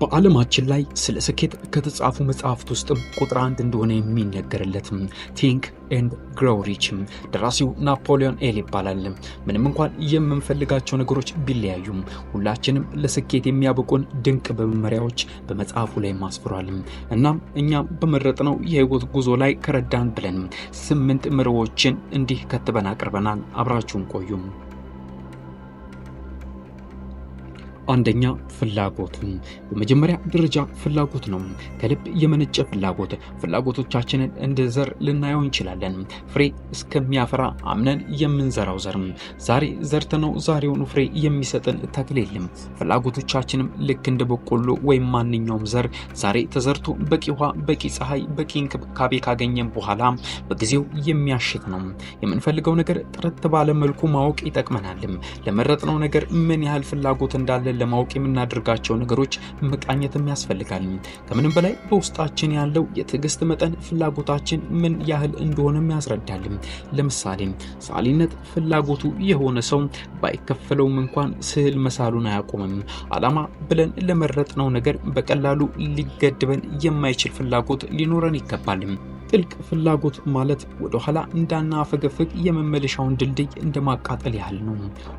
በዓለማችን ላይ ስለ ስኬት ከተጻፉ መጽሐፍት ውስጥም ቁጥር አንድ እንደሆነ የሚነገርለትም ቲንክ ኤንድ ግሮው ሪች ደራሲው ናፖሊዮን ኤል ይባላል። ምንም እንኳን የምንፈልጋቸው ነገሮች ቢለያዩም ሁላችንም ለስኬት የሚያበቁን ድንቅ በመመሪያዎች በመጽሐፉ ላይ ማስፍሯል። እናም እኛም በመረጥነው የህይወት ጉዞ ላይ ከረዳን ብለን ስምንት መርሆዎችን እንዲህ ከትበን አቅርበናል። አብራችሁን ቆዩም። አንደኛ ፍላጎት፣ በመጀመሪያ ደረጃ ፍላጎት ነው። ከልብ የመነጨ ፍላጎት። ፍላጎቶቻችንን እንደ ዘር ልናየው እንችላለን። ፍሬ እስከሚያፈራ አምነን የምንዘራው ዘር። ዛሬ ዘርተነው ዛሬውን ፍሬ የሚሰጥን ተክል የለም። ፍላጎቶቻችንም ልክ እንደ በቆሎ ወይም ማንኛውም ዘር ዛሬ ተዘርቶ በቂ ውሃ፣ በቂ ፀሐይ፣ በቂ እንክብካቤ ካገኘን በኋላ በጊዜው የሚያሽት ነው። የምንፈልገው ነገር ጥርት ባለ መልኩ ማወቅ ይጠቅመናል። ለመረጥነው ነገር ምን ያህል ፍላጎት እንዳለ እንዳለን ለማወቅ የምናደርጋቸው ነገሮች መቃኘትም ያስፈልጋል። ከምንም በላይ በውስጣችን ያለው የትዕግስት መጠን ፍላጎታችን ምን ያህል እንደሆነም ያስረዳል። ለምሳሌ ሳሊነት ፍላጎቱ የሆነ ሰው ባይከፈለውም እንኳን ስዕል መሳሉን አያቆምም። አላማ ብለን ለመረጥነው ነገር በቀላሉ ሊገድበን የማይችል ፍላጎት ሊኖረን ይገባል። ጥልቅ ፍላጎት ማለት ወደ ኋላ እንዳናፈገፍግ የመመለሻውን ድልድይ እንደማቃጠል ያህል ነው።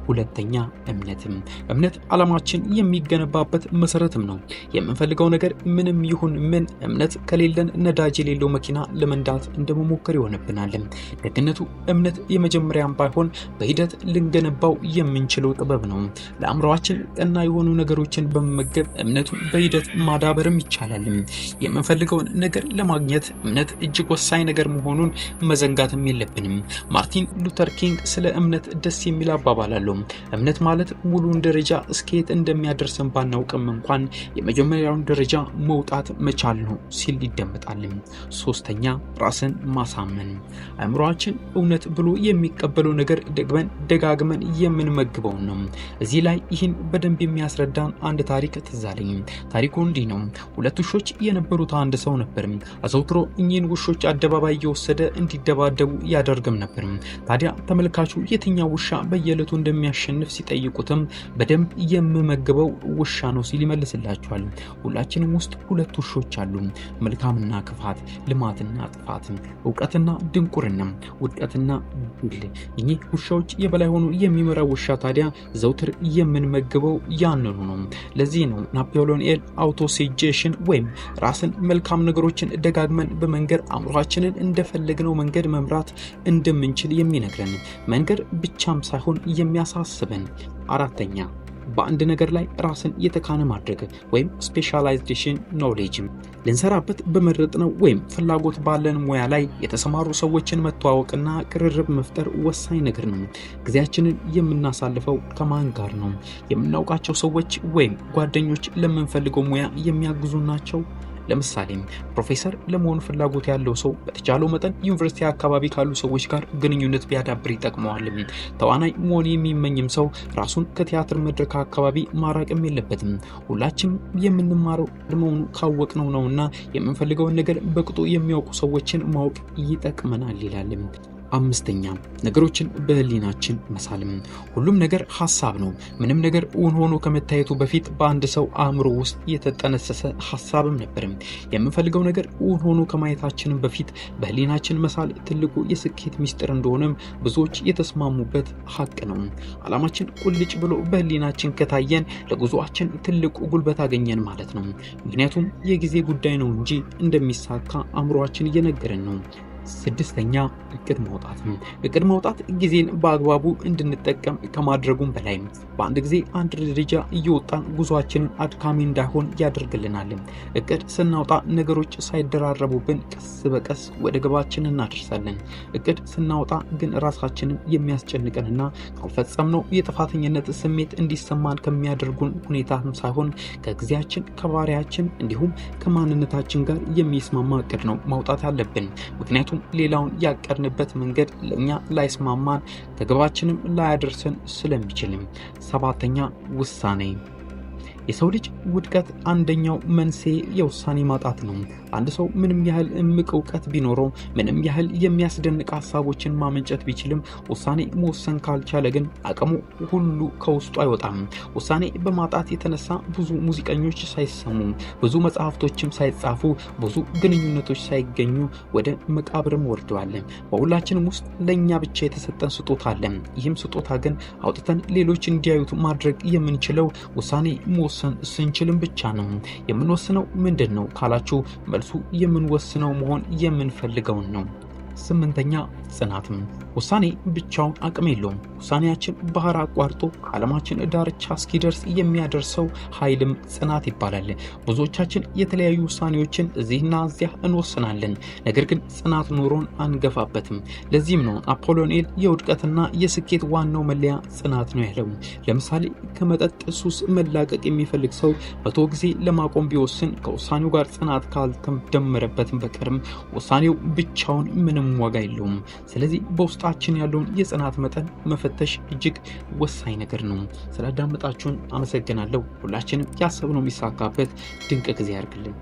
ሁለተኛ እምነትም እምነት ዓላማችን የሚገነባበት መሰረትም ነው። የምንፈልገው ነገር ምንም ይሁን ምን እምነት ከሌለን ነዳጅ የሌለው መኪና ለመንዳት እንደመሞከር ይሆንብናል። ደግነቱ እምነት የመጀመሪያም ባይሆን በሂደት ልንገነባው የምንችለው ጥበብ ነው። ለአእምሮአችን ጠና የሆኑ ነገሮችን በመመገብ እምነቱን በሂደት ማዳበርም ይቻላል። የምንፈልገውን ነገር ለማግኘት እምነት እጅግ እጅግ ወሳኝ ነገር መሆኑን መዘንጋትም የለብንም። ማርቲን ሉተር ኪንግ ስለ እምነት ደስ የሚል አባባል አለው። እምነት ማለት ሙሉውን ደረጃ እስከየት እንደሚያደርሰን ባናውቅም እንኳን የመጀመሪያውን ደረጃ መውጣት መቻል ነው ሲል ይደመጣልም። ሶስተኛ ራስን ማሳመን። አእምሯችን እውነት ብሎ የሚቀበለው ነገር ደግመን ደጋግመን የምንመግበውን ነው። እዚህ ላይ ይህን በደንብ የሚያስረዳን አንድ ታሪክ ትዝ አለኝ። ታሪኩ እንዲህ ነው። ሁለት ውሾች የነበሩት አንድ ሰው ነበር። አዘውትሮ እኚህን ውሾ ውሾች አደባባይ እየወሰደ እንዲደባደቡ ያደርግም ነበር። ታዲያ ተመልካቹ የትኛው ውሻ በየዕለቱ እንደሚያሸንፍ ሲጠይቁትም በደንብ የምመግበው ውሻ ነው ሲል ይመልስላቸዋል። ሁላችንም ውስጥ ሁለት ውሾች አሉ፣ መልካምና ክፋት፣ ልማትና ጥፋት፣ እውቀትና ድንቁርና፣ ውድቀትና ድል። እኚህ ውሻዎች የበላይ ሆኖ የሚመራው ውሻ ታዲያ ዘውትር የምንመግበው ያንኑ ነው። ለዚህ ነው ናፖሊዮን ኤል አውቶሴጄሽን ወይም ራስን መልካም ነገሮችን ደጋግመን በመንገድ አእምሯችንን እንደፈለግነው መንገድ መምራት እንደምንችል የሚነግረን መንገድ ብቻም ሳይሆን የሚያሳስበን። አራተኛ በአንድ ነገር ላይ ራስን የተካነ ማድረግ ወይም ስፔሻላይዜሽን ኖሌጅ ልንሰራበት በመረጥነው ወይም ፍላጎት ባለን ሙያ ላይ የተሰማሩ ሰዎችን መተዋወቅና ቅርርብ መፍጠር ወሳኝ ነገር ነው። ጊዜያችንን የምናሳልፈው ከማን ጋር ነው? የምናውቃቸው ሰዎች ወይም ጓደኞች ለምንፈልገው ሙያ የሚያግዙ ናቸው? ለምሳሌ ፕሮፌሰር ለመሆን ፍላጎት ያለው ሰው በተቻለው መጠን ዩኒቨርሲቲ አካባቢ ካሉ ሰዎች ጋር ግንኙነት ቢያዳብር ይጠቅመዋል። ተዋናይ መሆን የሚመኝም ሰው ራሱን ከቲያትር መድረክ አካባቢ ማራቅም የለበትም። ሁላችም የምንማረው መሆኑ ካወቅነው ነውና የምንፈልገውን ነገር በቅጡ የሚያውቁ ሰዎችን ማወቅ ይጠቅመናል ይላል። አምስተኛ ነገሮችን በህሊናችን መሳልም። ሁሉም ነገር ሀሳብ ነው። ምንም ነገር እውን ሆኖ ከመታየቱ በፊት በአንድ ሰው አእምሮ ውስጥ የተጠነሰሰ ሀሳብም ነበርም። የምንፈልገው ነገር እውን ሆኖ ከማየታችንም በፊት በህሊናችን መሳል ትልቁ የስኬት ሚስጥር እንደሆነም ብዙዎች የተስማሙበት ሀቅ ነው። አላማችን ቁልጭ ብሎ በህሊናችን ከታየን ለጉዞአችን ትልቁ ጉልበት አገኘን ማለት ነው። ምክንያቱም የጊዜ ጉዳይ ነው እንጂ እንደሚሳካ አእምሮአችን እየነገረን ነው። ስድስተኛ እቅድ ማውጣት። እቅድ መውጣት ጊዜን በአግባቡ እንድንጠቀም ከማድረጉም በላይ በአንድ ጊዜ አንድ ደረጃ እየወጣን ጉዟችንን አድካሚ እንዳይሆን ያደርግልናል። እቅድ ስናውጣ ነገሮች ሳይደራረቡብን ቀስ በቀስ ወደ ግባችን እናደርሳለን። እቅድ ስናውጣ ግን ራሳችንን የሚያስጨንቀንና ካልፈጸምነው የጥፋተኝነት ስሜት እንዲሰማን ከሚያደርጉን ሁኔታ ሳይሆን ከጊዜያችን፣ ከባሪያችን እንዲሁም ከማንነታችን ጋር የሚስማማ እቅድ ነው ማውጣት አለብን ምክንያቱም ምክንያቱም ሌላውን ያቀድንበት መንገድ ለእኛ ላይስማማን ከግባችንም ላያደርሰን ስለሚችልም። ሰባተኛ ውሳኔ የሰው ልጅ ውድቀት አንደኛው መንስኤ የውሳኔ ማጣት ነው። አንድ ሰው ምንም ያህል እምቅ እውቀት ቢኖረው፣ ምንም ያህል የሚያስደንቅ ሀሳቦችን ማመንጨት ቢችልም ውሳኔ መወሰን ካልቻለ ግን አቅሙ ሁሉ ከውስጡ አይወጣም። ውሳኔ በማጣት የተነሳ ብዙ ሙዚቀኞች ሳይሰሙ፣ ብዙ መጽሐፍቶችም ሳይጻፉ፣ ብዙ ግንኙነቶች ሳይገኙ ወደ መቃብርም ወርደዋል። በሁላችንም ውስጥ ለእኛ ብቻ የተሰጠን ስጦታ አለ። ይህም ስጦታ ግን አውጥተን ሌሎች እንዲያዩት ማድረግ የምንችለው ውሳኔ መወሰን መወሰን ስንችልም ብቻ ነው። የምንወስነው ምንድን ነው ካላችሁ መልሱ የምንወስነው መሆን የምንፈልገውን ነው። ስምንተኛ ጽናትም ውሳኔ ብቻውን አቅም የለውም። ውሳኔያችን ባህር አቋርጦ ከዓለማችን ዳርቻ እስኪደርስ የሚያደርሰው ኃይልም ጽናት ይባላል። ብዙዎቻችን የተለያዩ ውሳኔዎችን እዚህና እዚያ እንወስናለን። ነገር ግን ጽናት ኑሮን አንገፋበትም። ለዚህም ነው ናፖሊዮን የውድቀትና የስኬት ዋናው መለያ ጽናት ነው ያለው። ለምሳሌ ከመጠጥ ሱስ መላቀቅ የሚፈልግ ሰው መቶ ጊዜ ለማቆም ቢወስን ከውሳኔው ጋር ጽናት ካልተደመረበትም በቀርም ውሳኔው ብቻውን ምንም ዋጋ የለውም። ስለዚህ በውስጥ ውስጣችን ያለውን የጽናት መጠን መፈተሽ እጅግ ወሳኝ ነገር ነው። አዳመጣችሁን አመሰግናለሁ። ሁላችንም ያሰብነው የሚሳካበት ድንቅ ጊዜ ያርግልን።